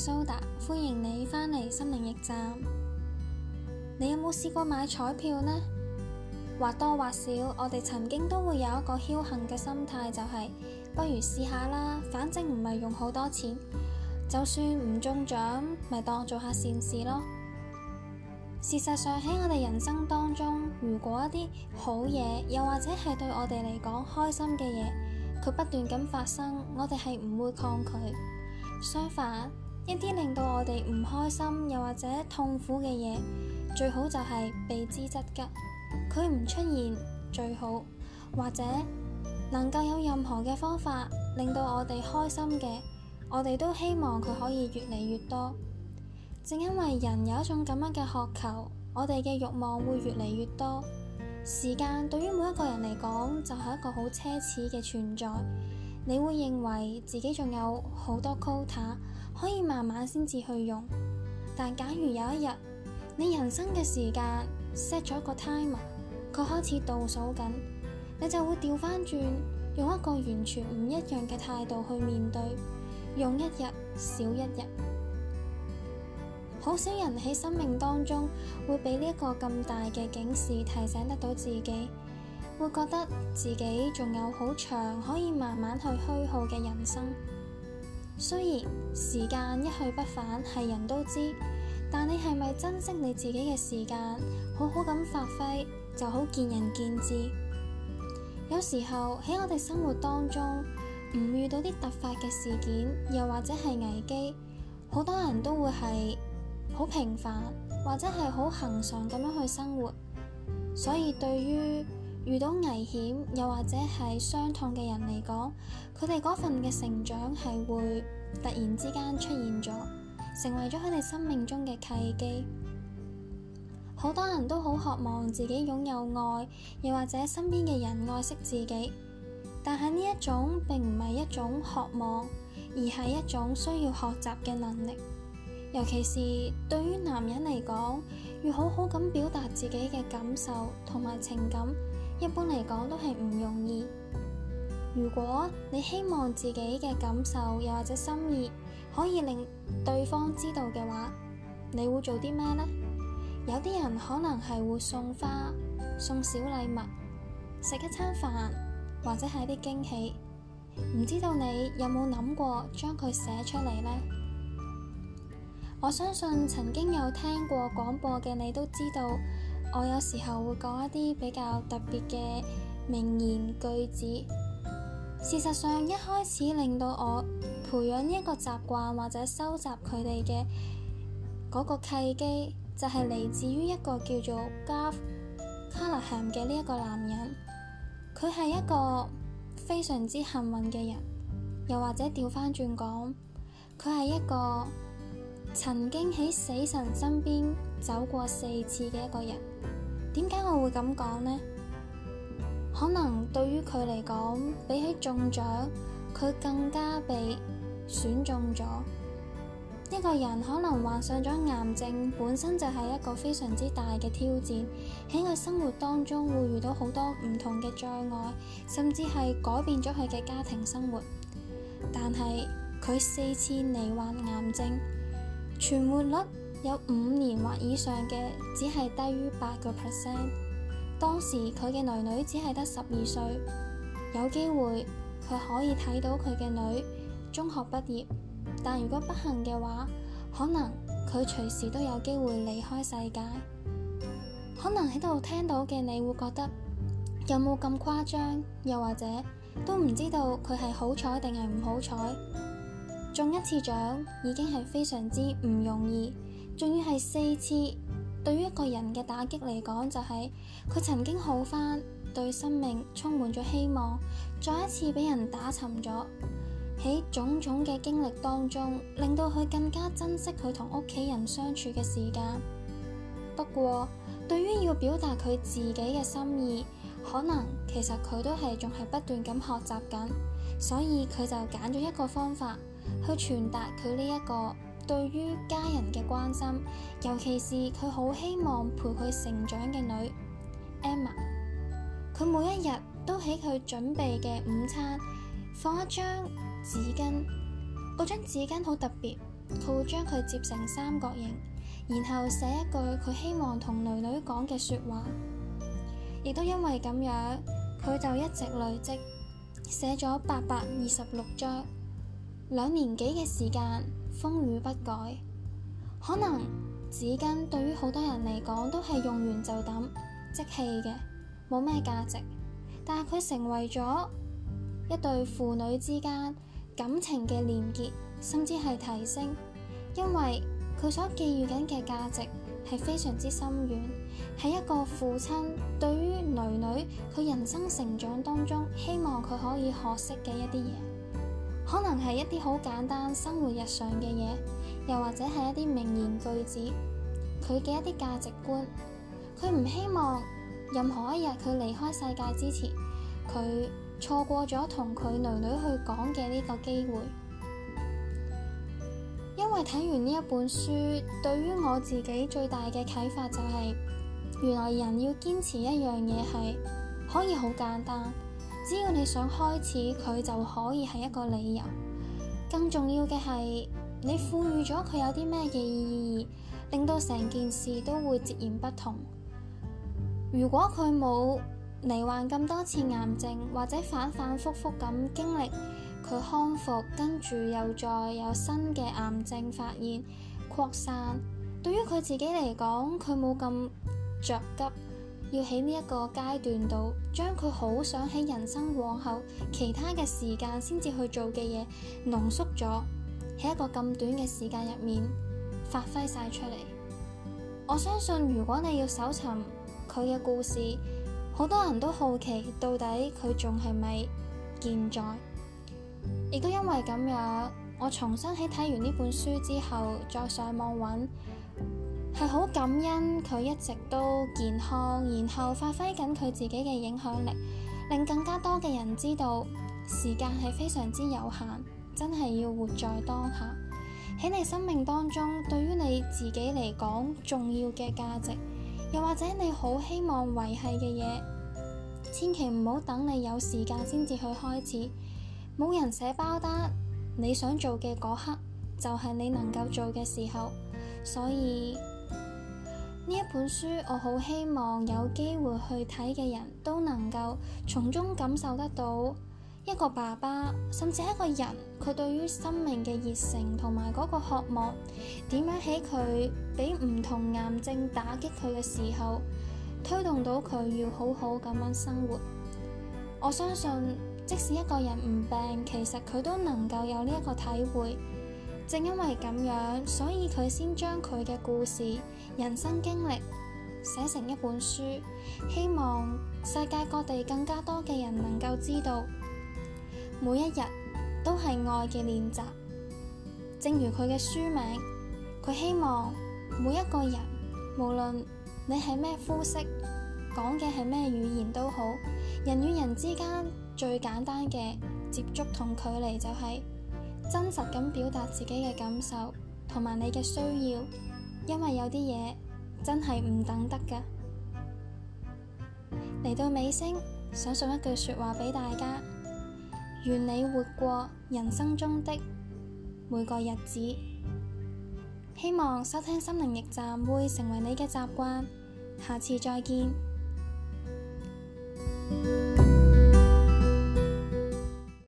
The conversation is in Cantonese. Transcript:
蘇達，歡迎你返嚟心靈驛站。你有冇試過買彩票呢？或多或少，我哋曾經都會有一個僥倖嘅心態，就是，就係不如試下啦，反正唔係用好多錢，就算唔中獎，咪當做下善事咯。事實上喺我哋人生當中，如果一啲好嘢，又或者係對我哋嚟講開心嘅嘢，佢不斷咁發生，我哋係唔會抗拒，相反。一啲令到我哋唔開心又或者痛苦嘅嘢，最好就係避之則吉。佢唔出現最好，或者能夠有任何嘅方法令到我哋開心嘅，我哋都希望佢可以越嚟越多。正因為人有一種咁樣嘅渴求，我哋嘅慾望會越嚟越多。時間對於每一個人嚟講，就係、是、一個好奢侈嘅存在。你會認為自己仲有好多 quota。可以慢慢先至去用，但假如有一日你人生嘅時間 set 咗個 timer，佢開始倒數緊，你就會調翻轉，用一個完全唔一樣嘅態度去面對，用一日少一日。好少人喺生命當中會俾呢一個咁大嘅警示提醒得到自己，會覺得自己仲有好長可以慢慢去虛耗嘅人生。雖然時間一去不返係人都知，但你係咪珍惜你自己嘅時間，好好咁發揮就好見仁見智。有時候喺我哋生活當中唔遇到啲突發嘅事件，又或者係危機，好多人都會係好平凡或者係好恆常咁樣去生活，所以對於。遇到危險又或者係傷痛嘅人嚟講，佢哋嗰份嘅成長係會突然之間出現咗，成為咗佢哋生命中嘅契機。好多人都好渴望自己擁有愛，又或者身邊嘅人愛惜自己，但係呢一種並唔係一種渴望，而係一種需要學習嘅能力。尤其是對於男人嚟講，要好好咁表達自己嘅感受同埋情感。一般嚟講都係唔容易。如果你希望自己嘅感受又或者心意可以令對方知道嘅話，你會做啲咩呢？有啲人可能係會送花、送小禮物、食一餐飯，或者係啲驚喜。唔知道你有冇諗過將佢寫出嚟呢？我相信曾經有聽過廣播嘅你都知道。我有時候會講一啲比較特別嘅名言句子。事實上，一開始令到我培養呢一個習慣或者收集佢哋嘅嗰個契機，就係、是、嚟自於一個叫做 Gar Carlham、ah、嘅呢一個男人。佢係一個非常之幸運嘅人，又或者調返轉講，佢係一個曾經喺死神身邊走過四次嘅一個人，點解我會咁講呢？可能對於佢嚟講，比起中獎，佢更加被選中咗。一個人可能患上咗癌症，本身就係一個非常之大嘅挑戰。喺佢生活當中會遇到好多唔同嘅障礙，甚至係改變咗佢嘅家庭生活。但係佢四次罹患癌症。存活率有五年或以上嘅，只係低於八個 percent。當時佢嘅女女只係得十二歲，有機會佢可以睇到佢嘅女，中學畢業，但如果不幸嘅話，可能佢隨時都有機會離開世界。可能喺度聽到嘅你會覺得有冇咁誇張？又或者都唔知道佢係好彩定係唔好彩。中一次獎已經係非常之唔容易，仲要係四次，對於一個人嘅打擊嚟講，就係、是、佢曾經好返，對生命充滿咗希望，再一次俾人打沉咗。喺種種嘅經歷當中，令到佢更加珍惜佢同屋企人相處嘅時間。不過，對於要表達佢自己嘅心意，可能其實佢都係仲係不斷咁學習緊，所以佢就揀咗一個方法。去傳達佢呢一個對於家人嘅關心，尤其是佢好希望陪佢成長嘅女 Emma。佢每一日都喺佢準備嘅午餐放一張紙巾，嗰張紙巾好特別，佢會將佢折成三角形，然後寫一句佢希望同女女講嘅說話。亦都因為咁樣，佢就一直累積寫咗八百二十六張。兩年幾嘅時間，風雨不改，可能紙巾對於好多人嚟講都係用完就抌，即棄嘅，冇咩價值。但係佢成為咗一對父女之間感情嘅連結，甚至係提升，因為佢所寄予緊嘅價值係非常之深遠，係一個父親對於囡囡佢人生成長當中希望佢可以學識嘅一啲嘢。可能係一啲好簡單生活日常嘅嘢，又或者係一啲名言句子，佢嘅一啲價值觀，佢唔希望任何一日佢離開世界之前，佢錯過咗同佢女女去講嘅呢個機會。因為睇完呢一本書，對於我自己最大嘅啟發就係，原來人要堅持一樣嘢係可以好簡單。只要你想開始，佢就可以係一個理由。更重要嘅係，你賦予咗佢有啲咩嘅意義，令到成件事都會截然不同。如果佢冇罹患咁多次癌症，或者反反覆覆咁經歷佢康復，跟住又再有新嘅癌症發現擴散，對於佢自己嚟講，佢冇咁着急。要喺呢一個階段度，將佢好想喺人生往後其他嘅時間先至去做嘅嘢濃縮咗，喺一個咁短嘅時間入面發揮晒出嚟。我相信如果你要搜尋佢嘅故事，好多人都好奇到底佢仲係咪健在。亦都因為咁樣，我重新喺睇完呢本書之後，再上網揾。係好感恩佢一直都健康，然後發揮緊佢自己嘅影響力，令更加多嘅人知道時間係非常之有限，真係要活在當下。喺你生命當中，對於你自己嚟講重要嘅價值，又或者你好希望維繫嘅嘢，千祈唔好等你有時間先至去開始。冇人寫包單，你想做嘅嗰刻就係你能夠做嘅時候，所以。呢一本書，我好希望有機會去睇嘅人都能夠從中感受得到一個爸爸，甚至一個人，佢對於生命嘅熱誠同埋嗰個渴望，點樣喺佢俾唔同癌症打擊佢嘅時候，推動到佢要好好咁樣生活。我相信，即使一個人唔病，其實佢都能夠有呢一個體會。正因為咁樣，所以佢先將佢嘅故事、人生經歷寫成一本書，希望世界各地更加多嘅人能夠知道，每一日都係愛嘅練習。正如佢嘅書名，佢希望每一個人，無論你係咩膚色，講嘅係咩語言都好，人與人之間最簡單嘅接觸同距離就係、是。真實咁表達自己嘅感受同埋你嘅需要，因為有啲嘢真係唔等得㗎。嚟到尾聲，想送一句說話俾大家：願你活過人生中的每個日子。希望收聽心靈驛站會成為你嘅習慣。下次再見。